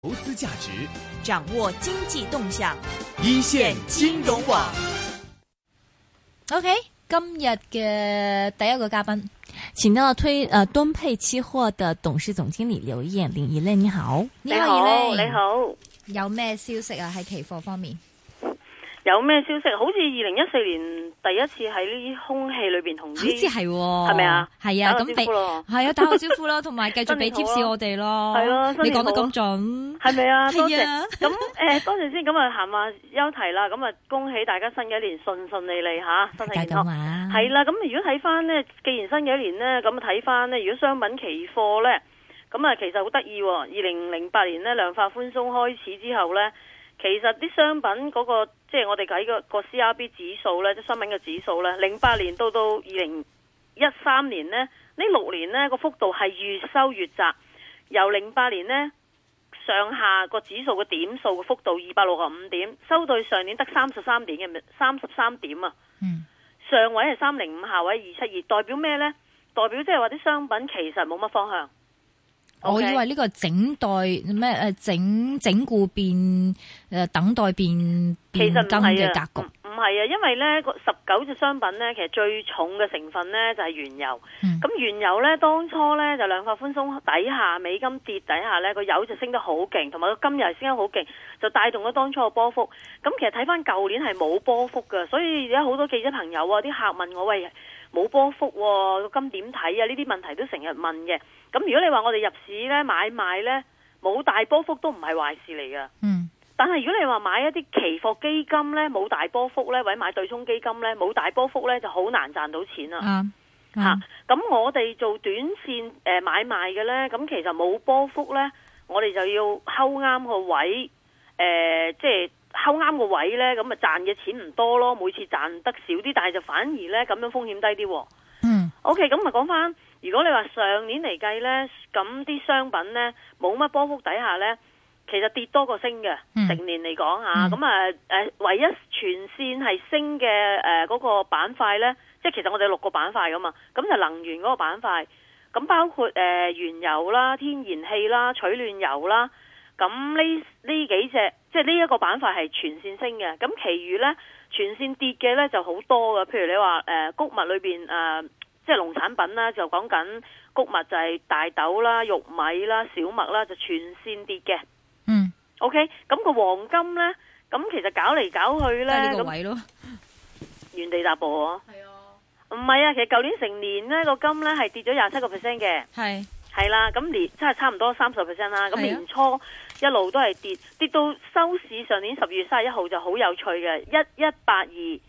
投資價值，掌握經濟動向，一線金融網。OK，今日嘅第一個嘉賓，請到了推呃敦沛期貨的董事總經理劉艷玲姨咧，你好，你好姨你好，有咩消息啊？喺期貨方面。有咩消息？好似二零一四年第一次喺呢啲空氣裏邊同意好似係，係咪啊？係啊，咁打個招呼咯，係啊，打個招呼啦，同埋繼續俾貼士我哋咯，係 咯、啊，你講、啊、得咁準，係咪啊 多謝、 呃？多謝咁誒，多謝先咁啊，行下休題啦，咁啊，恭喜大家新嘅一年順順利利吓、啊，身體健康，係啦、啊，咁、啊、如果睇翻呢，既然新嘅一年呢，咁睇翻呢。如果商品期貨呢，咁啊，其實好得意，二零零八年呢，量化寬鬆開始之後呢。其實啲商品嗰個，即係我哋睇個 CRB 指數呢，即係商品嘅指數呢，零八年到到二零一三年呢，呢六年呢個幅度係越收越窄。由零八年呢，上下個指數嘅點數嘅幅度二百六十五點，收到上年得三十三點嘅，咪三十三點啊。上位係三零五，下位二七二，代表咩呢？代表即係話啲商品其實冇乜方向。我以為呢個整待咩誒，整整固變誒、呃，等待變變更嘅格局。係啊，因為咧個十九隻商品咧，其實最重嘅成分咧就係、是、原油。咁、嗯、原油咧，當初咧就量化寬鬆底下，美金跌底下咧，個油就升得好勁，同埋個金又係升得好勁，就帶動咗當初個波幅。咁其實睇返舊年係冇波幅噶，所以而家好多記者朋友些、哦、啊，啲客問我喂，冇波幅個金點睇啊？呢啲問題都成日問嘅。咁如果你話我哋入市咧買賣咧冇大波幅都唔係壞事嚟噶。嗯。但係如果你話買一啲期貨基金呢，冇大波幅呢；或者買對沖基金呢，冇大波幅呢，就好難賺到錢啦。吓、嗯、咁、嗯啊、我哋做短線誒買賣嘅呢，咁其實冇波幅呢，我哋就要睺啱個位，誒、呃，即係睺啱個位呢。咁啊賺嘅錢唔多咯，每次賺得少啲，但係就反而呢，咁樣風險低啲。嗯。OK，咁啊講翻，如果你話上年嚟計呢，咁啲商品呢，冇乜波幅底下呢。其實跌多過升嘅成年嚟講啊，咁啊誒，唯一全線係升嘅誒嗰個板塊咧，即係其實我哋有六個板塊噶嘛，咁就能源嗰個板塊，咁包括誒、呃、原油啦、天然氣啦、取暖油啦，咁呢呢幾隻，即係呢一個板塊係全線升嘅，咁其餘咧全線跌嘅咧就好多嘅，譬如你話誒、呃、穀物裏邊誒，即係農產品啦，就講緊穀物就係大豆啦、玉米啦、小麥啦，就全線跌嘅。OK，咁個黃金呢，咁其實搞嚟搞去呢，都係呢個位咯，原地踏步。係啊，唔係啊，啊，其實舊年成年呢個金呢係跌咗廿七個 percent 嘅。係係啦，咁年即係差唔多三十 percent 啦。咁年初一路都係跌，跌到收市上年十月三十一號就好有趣嘅，一一八二，硬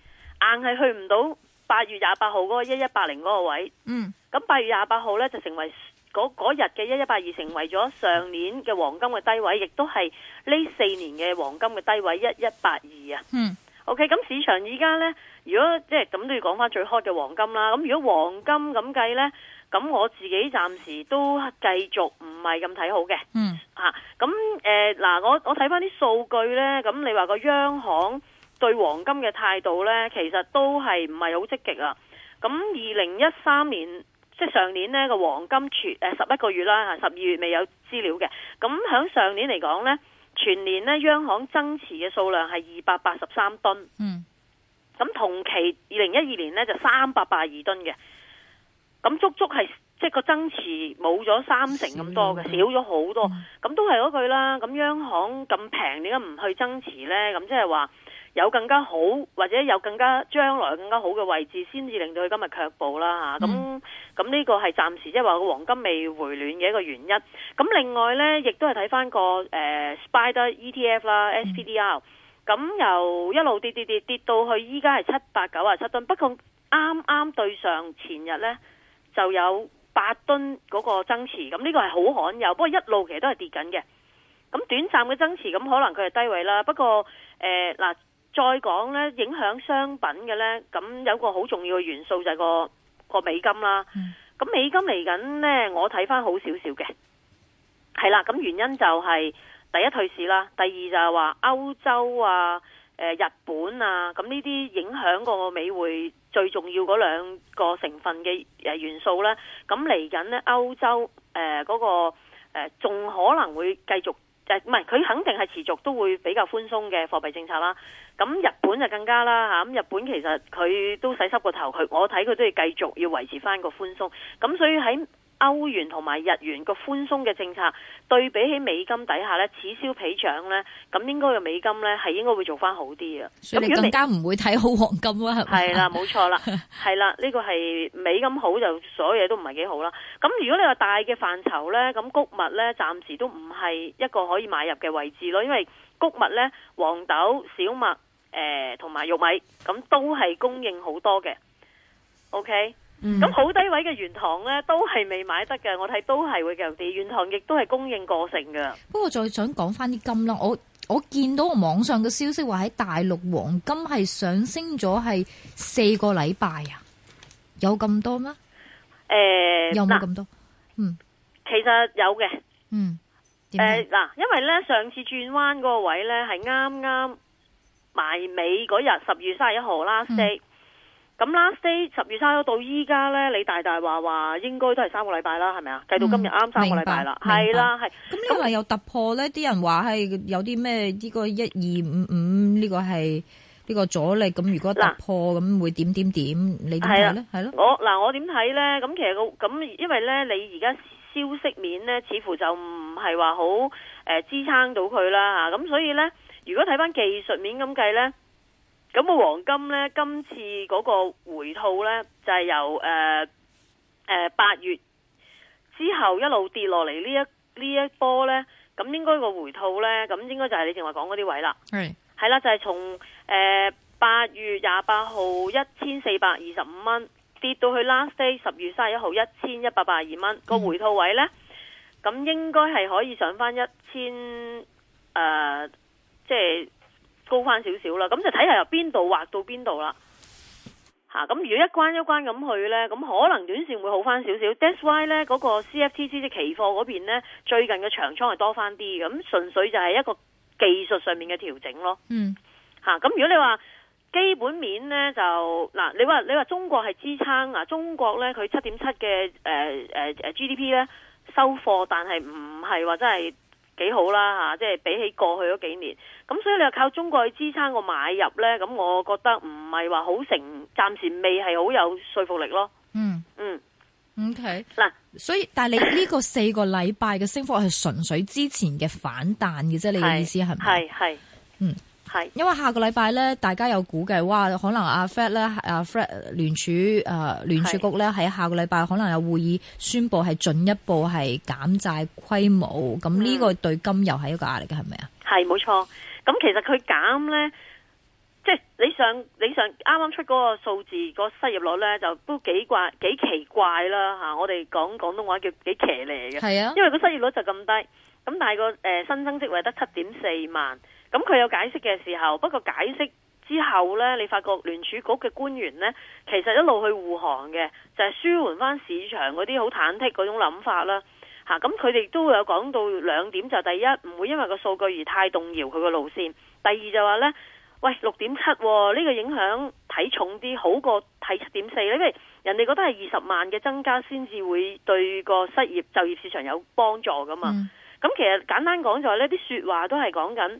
係去唔到八月廿八號嗰個一一八零嗰個位。嗯，咁八月廿八號呢就成為。嗰日嘅一一八二成為咗上年嘅黃金嘅低位，亦都係呢四年嘅黃金嘅低位一一八二啊。嗯。OK，咁市場而家呢，如果即係咁都要講翻最開嘅黃金啦。咁如果黃金咁計呢，咁我自己暫時都繼續唔係咁睇好嘅。嗯。吓、啊，咁誒，嗱、呃，我我睇翻啲數據呢，咁你話個央行對黃金嘅態度呢，其實都係唔係好積極啊。咁二零一三年。即係上年呢個黃金全誒十一個月啦，十二月未有資料嘅。咁喺上年嚟講呢，全年呢央行增持嘅數量係二百八十三噸。嗯。咁同期二零一二年呢，就三百八二噸嘅。咁足足係即係個增持冇咗三成咁多嘅，少咗好多。咁、嗯、都係嗰句啦。咁央行咁平，點解唔去增持呢？咁即係話。有更加好或者有更加將來更加好嘅位置，先至令到佢今日卻步啦嚇。咁咁呢個係暫時即係話個黃金未回暖嘅一個原因。咁另外呢，亦都係睇翻個 Spider ETF 啦，SPDR，嗯。咁由一路跌跌跌跌到去依家係七百九啊七噸，不過啱啱對上前日呢，就有八噸嗰個增持。咁呢個係好罕有，不過一路其實都係跌緊嘅。咁短暫嘅增持，咁可能佢係低位啦。不過誒嗱。呃再講呢，影響商品嘅呢，咁有個好重要嘅元素就係個個美金啦。咁美金嚟緊呢，我睇翻好少少嘅，係啦。咁原因就係第一退市啦，第二就係話歐洲啊、呃、日本啊，咁呢啲影響個美匯最重要嗰兩個成分嘅元素呢。咁嚟緊呢，歐洲誒嗰個、呃、仲、呃、可能會繼續誒唔係，佢、呃、肯定係持續都會比較寬鬆嘅貨幣政策啦。咁日本就更加啦嚇，咁日本其實佢都洗濕個頭，佢我睇佢都要繼續要維持翻個寬鬆，咁所以喺歐元同埋日元個寬鬆嘅政策對比起美金底下咧，此消彼長咧，咁應該個美金咧係應該會做翻好啲啊。咁你更加唔會睇好黃金啦，係咪？係啦，冇錯啦，係啦，呢個係美金好就所有嘢都唔係幾好啦。咁如果你話大嘅範疇咧，咁谷物咧暫時都唔係一個可以買入嘅位置咯，因為谷物咧，黃豆、小麥。誒，同埋玉米咁都係供應好多嘅，OK，咁好低位嘅原糖呢都係未買得嘅，我睇都係會跌啲，原糖亦都係供應過剩嘅。不過再想講翻啲金啦，我我見到網上嘅消息話喺大陸黃金係上升咗係四個禮拜啊，有咁多咩？誒，有冇咁多？嗯，其實有嘅，嗯，誒，嗱，因為呢上次轉彎嗰個位呢係啱啱。埋尾嗰日十月三十一號 last day，咁、嗯、last day 十月三十一到依家咧，你大大話話應該都係三個禮拜，是個禮拜、嗯、是啦，係咪啊？計到今日啱三個禮拜啦，係啦，係、嗯。咁因為有突破咧，啲人話係有啲咩呢個一二五五呢個係呢、呢個阻力，咁如果突破咁會點點點？你點睇咧？係咯，我嗱我點睇咧？咁其實個咁因為咧，你而家消息面咧，似乎就唔係話好誒支撐到佢啦吓，咁、啊、所以咧。如果睇翻技術面咁計呢，咁、咁個黃金呢，今次嗰個回吐呢，就係、是、由誒呃呃八月之後一路跌落嚟呢一呢一波呢。咁應該個回吐呢，咁應該就係你正話講嗰啲位啦。係係啦，就係從誒八月廿八號一千四百二十五蚊跌到去 last day 十月三十一號一千一百八十二蚊個回吐位呢，咁、mm. 應該係可以上返一千誒。即係高翻少少啦，咁就睇下由邊度畫到邊度啦，吓咁如果一關一關咁去呢，咁可能短線會好翻少少。That's why 呢嗰個 CFTC 即期貨嗰邊呢，最近嘅長倉係多翻啲，咁純粹就係一個技術上面嘅調整咯。嗯、mm. 啊，吓咁如果你話基本面呢，就嗱，你話你話中國係支撐啊，中國呢佢七點七嘅誒誒 GDP 呢收貨，但係唔係話真係。幾好啦吓，即係比起過去嗰幾年，咁所以你又靠中國去支撐個買入呢。咁我覺得唔係話好成，暫時未係好有說服力咯。嗯嗯，OK 嗱，所以但係你呢個四個禮拜嘅升幅係純粹之前嘅反彈嘅啫，你嘅意思係咪？係係嗯。係，因為下個禮拜咧，大家有估計，哇，可能阿 Fed 咧，阿 Fed 聯儲誒聯儲局咧，喺下個禮拜可能有會議宣布係進一步係減債規模，咁呢個對金油係一個壓力嘅，係咪啊？係，冇錯。咁其實佢減咧，即係你上你上啱啱出嗰個數字個失業率咧，就都幾怪幾奇怪啦吓。我哋講廣東話叫幾騎呢嘅，係啊。因為個失業率就咁低，咁但係個誒新增職位得七點四萬。咁佢有解釋嘅時候，不過解釋之後咧，你發覺聯儲局嘅官員咧，其實一路去護航嘅，就係、是、舒緩翻市場嗰啲好忐忑嗰種諗法啦。吓、啊，咁佢哋都有講到兩點，就是、第一唔會因為個數據而太動搖佢個路線。第二就話咧，喂，六點七呢個影響睇重啲，好過睇七點四，因為人哋覺得係二十萬嘅增加先至會對個失業就業市場有幫助噶嘛。咁、嗯、其實簡單講就話呢啲說話都係講緊。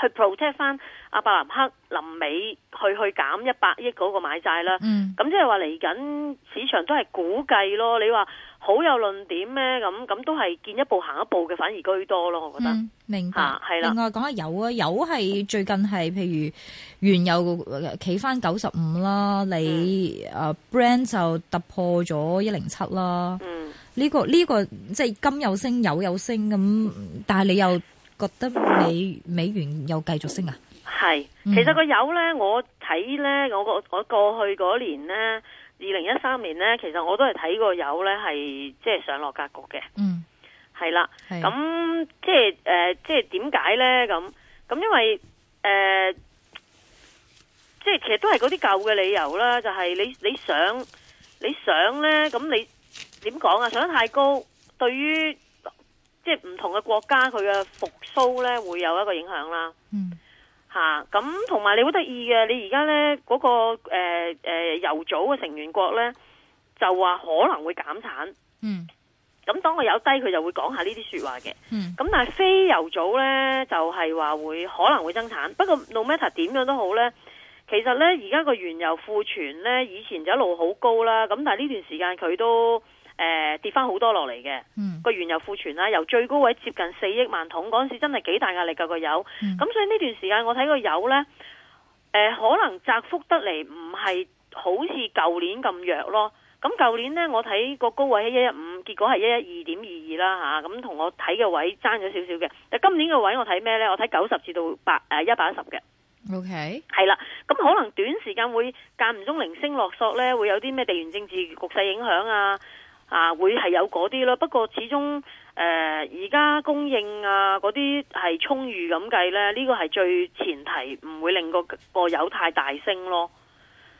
去 protect 翻阿伯南克臨尾去去減一百億嗰個買債啦，咁即係話嚟緊市場都係估計咯。你話好有論點咩咁咁，都係見一步行一步嘅，反而居多咯。我覺得明白係啦。另外講下油啊，油係最近係譬如原油企翻九十五啦，你誒 Brent 就突破咗一零七啦。嗯，呢個呢個即係金有升，油有升咁，但係你又。覺得美美元又繼續升啊？係，其實個油咧，我睇咧，我我過去嗰年咧，二零一三年咧，其實我都係睇個油咧，係即係上落格局嘅。嗯，係啦，咁即係誒，即係點解咧？咁咁因為誒，即係其實都係嗰啲舊嘅理由啦，就係你你上你上咧，咁你點講啊？上得太高，對於。即係唔同嘅國家，佢嘅復蘇咧會有一個影響啦。嗯、吓、啊、咁，同埋你好得意嘅，你而家咧嗰個誒誒、呃呃、油組嘅成員國咧就話可能會減產。嗯，咁當佢有低，佢就會講下呢啲說話嘅。咁、嗯、但係非油組咧就係、是、話會可能會增產。不過 no matter 點樣都好咧，其實咧而家個原油庫存咧以前就一路好高啦。咁但係呢段時間佢都。誒、呃，跌翻好多落嚟嘅，個、嗯、原油庫存啦，由最高位接近四億萬桶，嗰陣時真係幾大壓力噶個油。咁、嗯、所以呢段時間我睇個油呢，誒、呃，可能窄幅得嚟唔係好似舊年咁弱咯。咁舊年呢，我睇個高位喺一一五，結果係一一二點二二啦吓，咁同我睇嘅位爭咗少少嘅。但今年嘅位我睇咩呢？我睇九十至到百誒一百一十嘅。OK，係啦，咁、okay. 可能短時間會間唔中零星落索呢，會有啲咩地緣政治局勢影響啊？啊，會係有嗰啲咯，不過始終誒而家供應啊嗰啲係充裕咁計呢，呢、呢個係最前提，唔會令個個油太大升咯。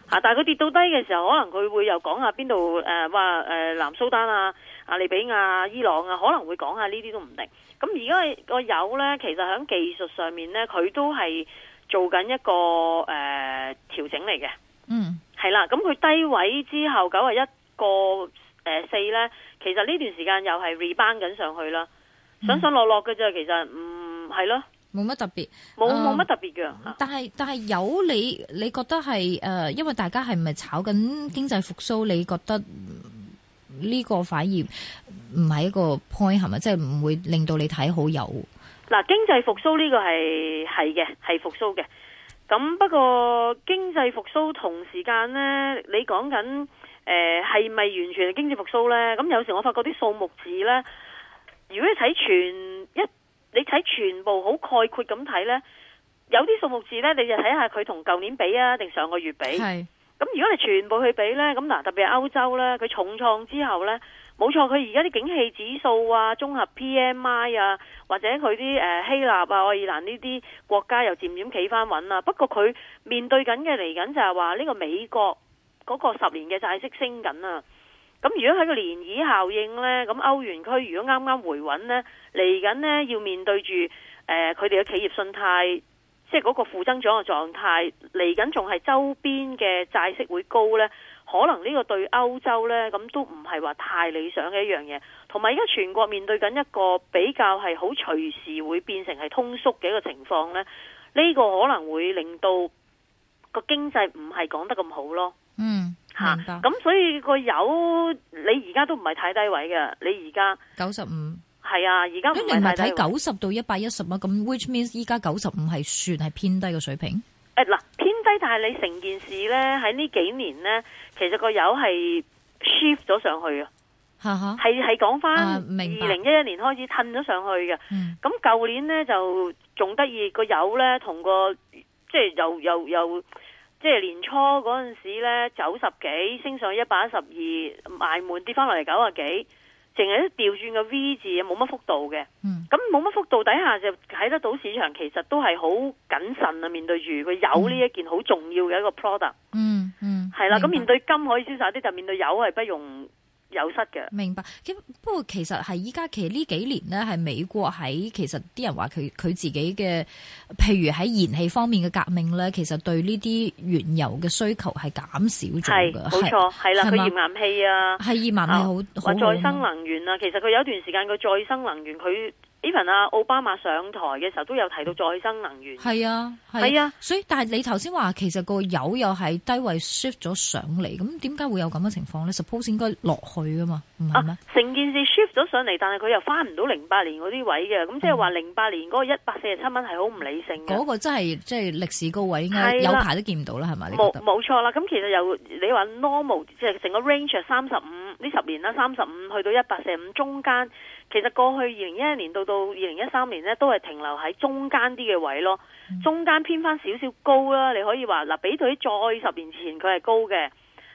啊、但係佢跌到低嘅時候，可能佢會又講下邊度誒，話、呃、誒、呃呃、南蘇丹啊、阿利比亞、伊朗啊，可能會講下呢啲都唔定。咁而家個油呢，其實響技術上面呢，佢都係做緊一個誒、呃、調整嚟嘅。嗯，係啦，咁、嗯、佢低位之後九啊一個。誒、呃，四咧，其實呢段時間又係 rebound 緊上去啦，上上落落嘅啫。其實唔係咯，冇、嗯、乜、嗯、特別，冇冇乜特別嘅、呃。但係但係有你，你覺得係誒、呃，因為大家係咪炒緊經濟復蘇？你覺得呢個反而唔係一個 point 係咪？即係唔會令到你睇好有嗱經濟復蘇呢個係係嘅，係復蘇嘅。咁不過經濟復甦同時間呢，你講緊誒係咪完全係經濟復甦呢？咁有時我發覺啲數目字呢，如果你睇全一，你睇全部好概括咁睇呢，有啲數目字呢，你就睇下佢同舊年比啊，定上個月比。係。咁如果你全部去比呢，咁嗱特別係歐洲呢，佢重創之後呢。冇錯，佢而家啲景氣指數啊，綜合 PMI 啊，或者佢啲誒希臘啊、愛爾蘭呢啲國家又漸漸企翻穩啊。不過佢面對緊嘅嚟緊就係話呢個美國嗰個十年嘅債息升緊啊。咁如果喺個漣漪效應呢，咁歐元區如果啱啱回穩呢，嚟緊呢要面對住誒佢哋嘅企業信貸，即係嗰個負增長嘅狀態，嚟緊仲係周邊嘅債息會高呢。可能呢個對歐洲呢，咁都唔係話太理想嘅一樣嘢，同埋而家全國面對緊一個比較係好隨時會變成係通縮嘅一個情況呢，呢，呢個可能會令到個經濟唔係講得咁好咯。嗯，吓，咁，啊，所以個油你而家都唔係太低位嘅，你而家九十五，係啊，而家唔係睇九十到一百一十啊，咁 which means 依家九十五係算係偏低嘅水平。誒，嗱，偏低，但係你成件事呢，喺呢幾年呢。.其實個油係 shift 咗上去啊，係係講翻二零一一年開始褪咗、啊、上去嘅。咁、嗯、舊年呢就仲得意個油呢同個即係又又又即係年初嗰陣時呢，九十幾升上一百一十二，賣滿跌翻落嚟九十幾，淨係調轉個 V 字，冇乜幅度嘅。咁冇乜幅度底下就睇得到市場其實都係好謹慎啊，面對住個油呢一件好重要嘅一個 product、嗯。嗯嗯。係啦，咁面對金可以消散啲，就面對油係不容有失嘅。明白咁，不過其實係依家其實呢幾年呢，係美國喺其實啲人話佢佢自己嘅，譬如喺燃氣方面嘅革命呢，其實對呢啲原油嘅需求係減少咗。係，冇錯，係啦，佢頁岩氣啊，係頁岩氣好，話、啊、再生能源啊，其實佢有一段時間個再生能源佢。even 啊，奧巴馬上台嘅時候都有提到再生能源。係啊，係啊，啊，所以但係你頭先話其實個油又係低位 shift 咗上嚟，咁點解會有咁嘅情況呢？Suppose 應該落去㗎嘛，唔係咩？成、啊、件事 shift 咗上嚟，但係佢又翻唔到零八年嗰啲位嘅，咁即係話零八年嗰個一百四十七蚊係好唔理性嘅。嗰、那個真係即係歷史高位應該有排都見唔到啦，係咪、啊？冇冇錯啦，咁其實又你話 normal 即係成個 range 三十五呢十年啦，三十五去到一百四十五中間。其實過去二零一一年到到二零一三年呢，都係停留喺中間啲嘅位咯，中間偏翻少少高啦。你可以話嗱，比對起再十年前佢係高嘅，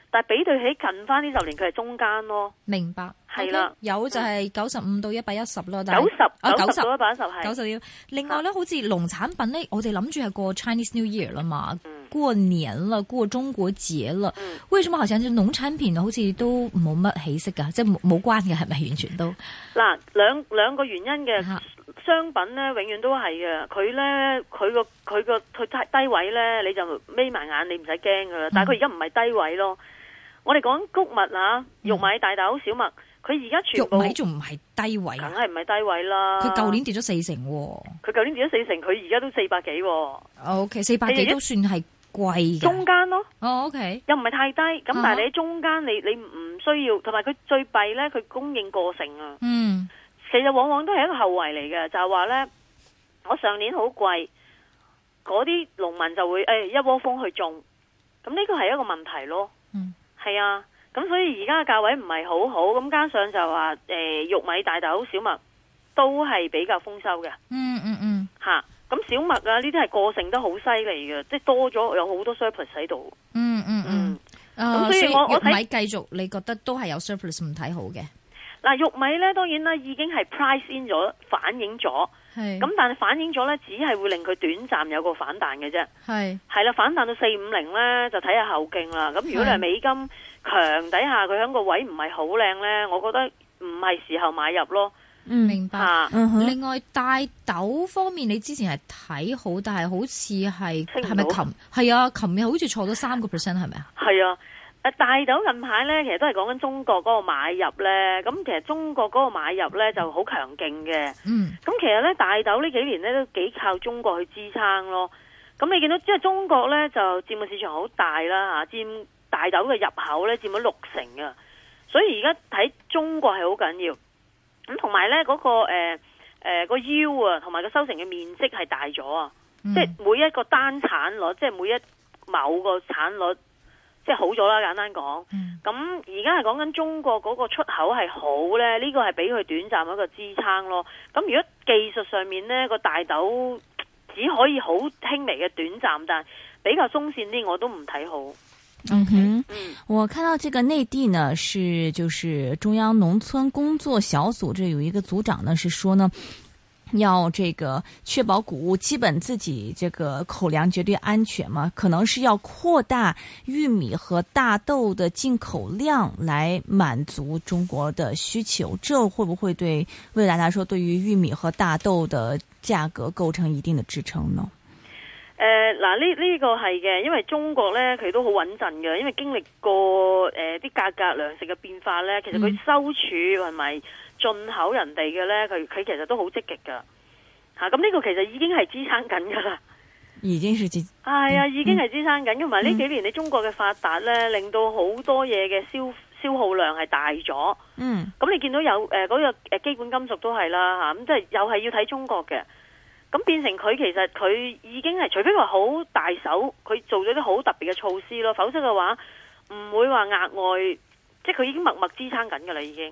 但係比對起近翻呢十年佢係中間咯。明白。係啦，有就係九十五到一百一十咯，但係九十啊，九十到一百一十係九十要。另外咧，嗯，好似農產品咧，我哋諗住係過 Chinese New Year 啦嘛，嗯，過年啦，過中國節啦、嗯。為什麼好似就農產品好似都冇乜起色噶？即係冇冇關嘅係咪？是是完全都嗱兩兩個原因嘅商品咧，永遠都係嘅。佢咧，佢個佢個佢低低位咧，你就眯埋眼，你唔使驚噶啦。但係佢而家唔係低位咯。我哋講穀物啊，嗯，玉米、大豆、小麥。佢而家全部粟米仲唔係低位，啊？梗係唔係低位啦！佢舊年跌咗四、啊、四成，佢舊年跌咗四成，佢而家都四百幾，啊。O、okay, K，四百幾都算係貴嘅，中間咯。o、oh, K、okay、又唔係太低。咁但係你喺中間你，啊，你你唔需要，同埋佢最弊咧，佢供應過剩啊。嗯，其實往往都係一個後遺嚟嘅，就係話咧，我上年好貴，嗰啲農民就會誒、哎、一窩蜂去種，咁呢個係一個問題咯。嗯，係啊。咁所以而家嘅價位唔係好好，咁加上就話誒玉米大豆小麥都係比較豐收嘅。嗯嗯嗯，吓、嗯，咁小麥啊，呢啲係過剩得好犀利嘅，即係多咗有好多 surplus 喺度。嗯嗯嗯。咁、嗯嗯呃、所以我所以玉米繼續，你覺得都係有 surplus 唔睇好嘅。嗱，玉米咧，當然啦，已經係 price in 咗，反映咗，咁但係反映咗咧，只係會令佢短暫有個反彈嘅啫，係係啦，反彈到四五零咧，就睇下後勁啦。咁如果你係美金強底下，佢響個位唔係好靚咧，我覺得唔係時候買入咯。嗯、明白。啊、另外大豆方面，你之前係睇好，但係好似係係咪琴係啊，琴日好似錯咗三個 percent 係咪啊？係啊。大豆近排咧，其實都係講緊中國嗰個買入咧。咁其實中國嗰個買入咧就好強勁嘅。咁其實咧，大豆呢幾年咧都幾靠中國去支撐咯。咁你見到即係、就是、中國咧就佔嘅市場好大啦吓，佔大豆嘅入口咧佔咗六成啊。所以而家睇中國係好緊要。咁同埋咧，嗰、那個誒誒個腰啊，同埋個收成嘅面積係大咗啊、嗯。即係每一個單產率，即係每一個某個產率。即係好咗啦，簡單講。咁而家係講緊中國嗰個出口係好呢，呢個係俾佢短暫一個支撐咯。咁如果技術上面呢，個大豆只可以好輕微嘅短暫，但係比較中線啲我都唔睇好。嗯哼，我看到這個內地呢，是就是中央農村工作小組，這有一個組長呢，是說呢。要這個確保穀物基本自己這個口糧絕對安全嘛？可能是要擴大玉米和大豆的進口量來滿足中國的需求，這會不會對未來來說，對於玉米和大豆的價格構成一定的支撐呢？誒、呃，嗱，呢、這、呢個係嘅，因為中國呢，佢都好穩陣嘅，因為經歷過誒啲、呃、價格糧食嘅變化呢，其實佢收儲係咪？嗯，是進口人哋嘅，呢，佢，佢其實都好積極噶吓，咁、啊、呢個其實已經係支撐緊噶啦。已經係支係啊，已經係支撐緊，同埋呢幾年你中國嘅發達呢，令到好多嘢嘅消，消耗量係大咗。咁、嗯嗯、你見到有誒嗰、呃那個基本金屬都係啦吓，咁、啊嗯、即係又係要睇中國嘅。咁變成佢其實佢已經係除非話好大手，佢做咗啲好特別嘅措施咯，否則嘅話唔會話額外，即係佢已經默默支撐緊噶啦，已經。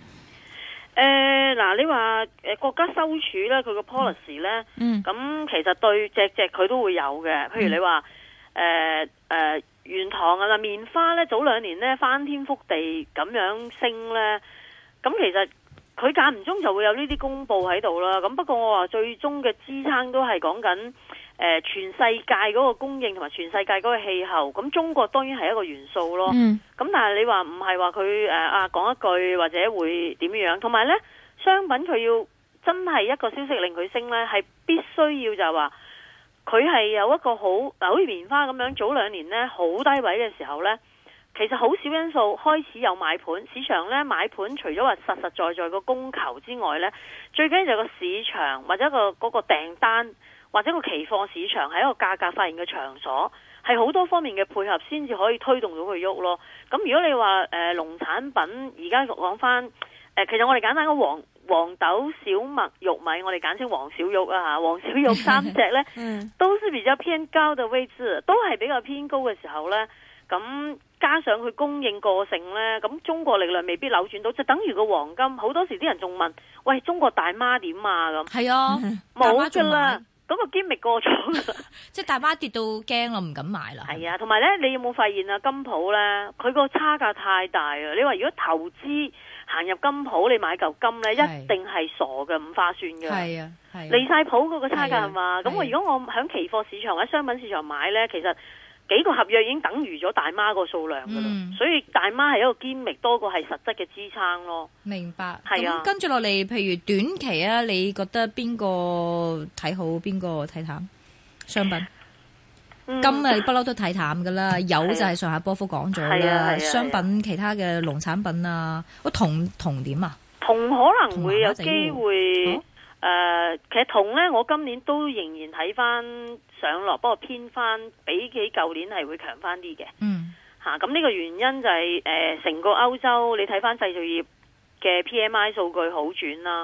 誒、呃、嗱，là, 你話、呃、國家收儲咧，佢個 policy 咧，咁咳扣其實對隻隻佢都會有嘅。譬如你話誒誒原糖啊啦，棉花咧早兩年咧翻天覆地咁樣升咧，咁其實佢間唔中就會有呢啲公佈喺度啦。咁不過我話最終嘅支撐都係講緊。誒，全世界嗰個供應同埋全世界嗰個氣候，咁中國當然係一個元素咯。咁、嗯、但係你話唔係話佢誒啊講、啊、一句或者會點樣？同埋咧，商品佢要真係一個消息令佢升咧，係必須要就係話佢係有一個好，嗱，好似棉花咁樣，早兩年咧好低位嘅時候咧，其實好少因素開始有買盤，市場咧買盤除咗話實實在在個供求之外咧，最緊要就個市場或者個嗰個訂單。或者個期貨市場係一個價格發現嘅場所，係好多方面嘅配合先至可以推動到佢喐咯。咁如果你話誒、呃、農產品，而家講翻誒，其實我哋簡單個黃黃豆、小麥、玉米，我哋簡稱黃小玉啊嚇，黃小玉三隻咧， 都係比較偏高嘅位置，都係比較偏高嘅時候咧。咁加上佢供應過剩咧，咁中國力量未必扭轉到，就等於個黃金。好多時啲人仲問：喂，中國大媽點啊？咁係啊，冇嘅，大媽仲咁、那個金密過咗 即係大媽跌到驚我唔敢買啦。係啊，同埋咧，你有冇發現啊？金舖咧，佢個差價太大啊！你話如果投資行入金舖，你買嚿金咧，一定係傻嘅，唔划算嘅。係啊，離晒譜嗰個差價係嘛？咁我如果我喺期貨市場或者商品市場買咧，其實。幾個合約已經等於咗大媽個數量噶啦。嗯，所以大媽係一個堅力多過係實質嘅支撐咯。明白，係啊。跟住落嚟，譬如短期啊，你覺得邊個睇好，邊個睇淡？商品、嗯、今日不嬲都睇淡噶啦、啊，油就係上下波幅講咗啦。商品、啊、其他嘅農產品啊，同銅銅點啊？銅可能會有機會。誒、呃，其實銅咧，我今年都仍然睇翻上落，不過偏翻比起舊年係會強翻啲嘅。嗯，吓、啊、咁、這、呢個原因就係、是、誒，成、呃、個歐洲你睇翻製造業嘅 P M I 數據好轉啦、啊、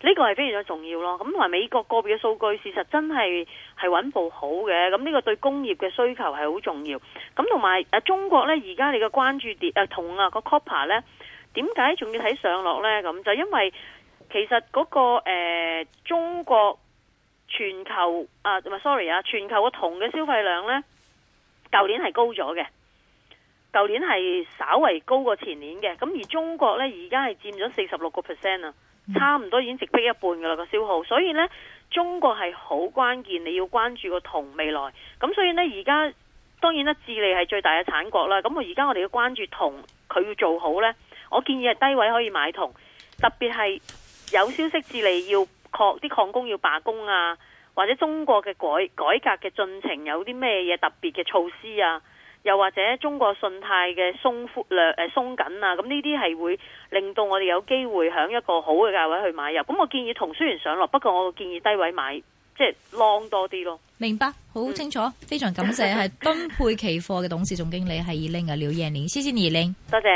呢、這個係非常之重要咯。咁同埋美國個別嘅數據，事實真係係穩步好嘅。咁、啊、呢、這個對工業嘅需求係好重要。咁同埋誒，中國咧而家你嘅關注點誒銅啊個 copper 咧，點解仲要睇上落咧？咁、啊、就因為。其實嗰，那個誒、呃，中國全球啊，唔係 sorry 啊，全球個銅嘅消費量呢，舊年係高咗嘅，舊年係稍為高過前年嘅。咁而中國呢，而家係佔咗四十六個 percent 啊，差唔多已經直逼一半噶啦個消耗。所以呢，中國係好關鍵，你要關注個銅未來。咁所以呢，而家當然啦，智利係最大嘅產國啦。咁我而家我哋要關注銅，佢要做好呢，我建議係低位可以買銅，特別係。有消息至嚟，要礦啲礦工要罷工啊，或者中國嘅改改革嘅進程有啲咩嘢特別嘅措施啊，又或者中國信貸嘅鬆闊略誒鬆緊啊，咁呢啲係會令到我哋有機會響一個好嘅價位去買入。咁我建議同雖然上落，不過我建議低位買，即係 long 多啲咯。明白，好清楚，嗯，非常感謝，係敦沛期貨嘅董事總經理係二令啊劉艷玲，謝謝二零，多謝。